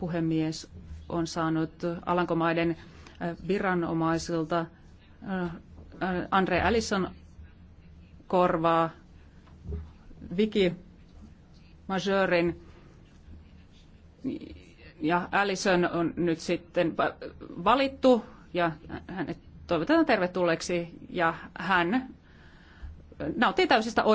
puhemies on saanut Alankomaiden äh, viranomaisilta äh, äh, Andre Allison korvaa Viki Majörin ja Allison on nyt sitten valittu ja hänet toivotetaan tervetulleeksi ja hän nauttii täysistä oikeuksista.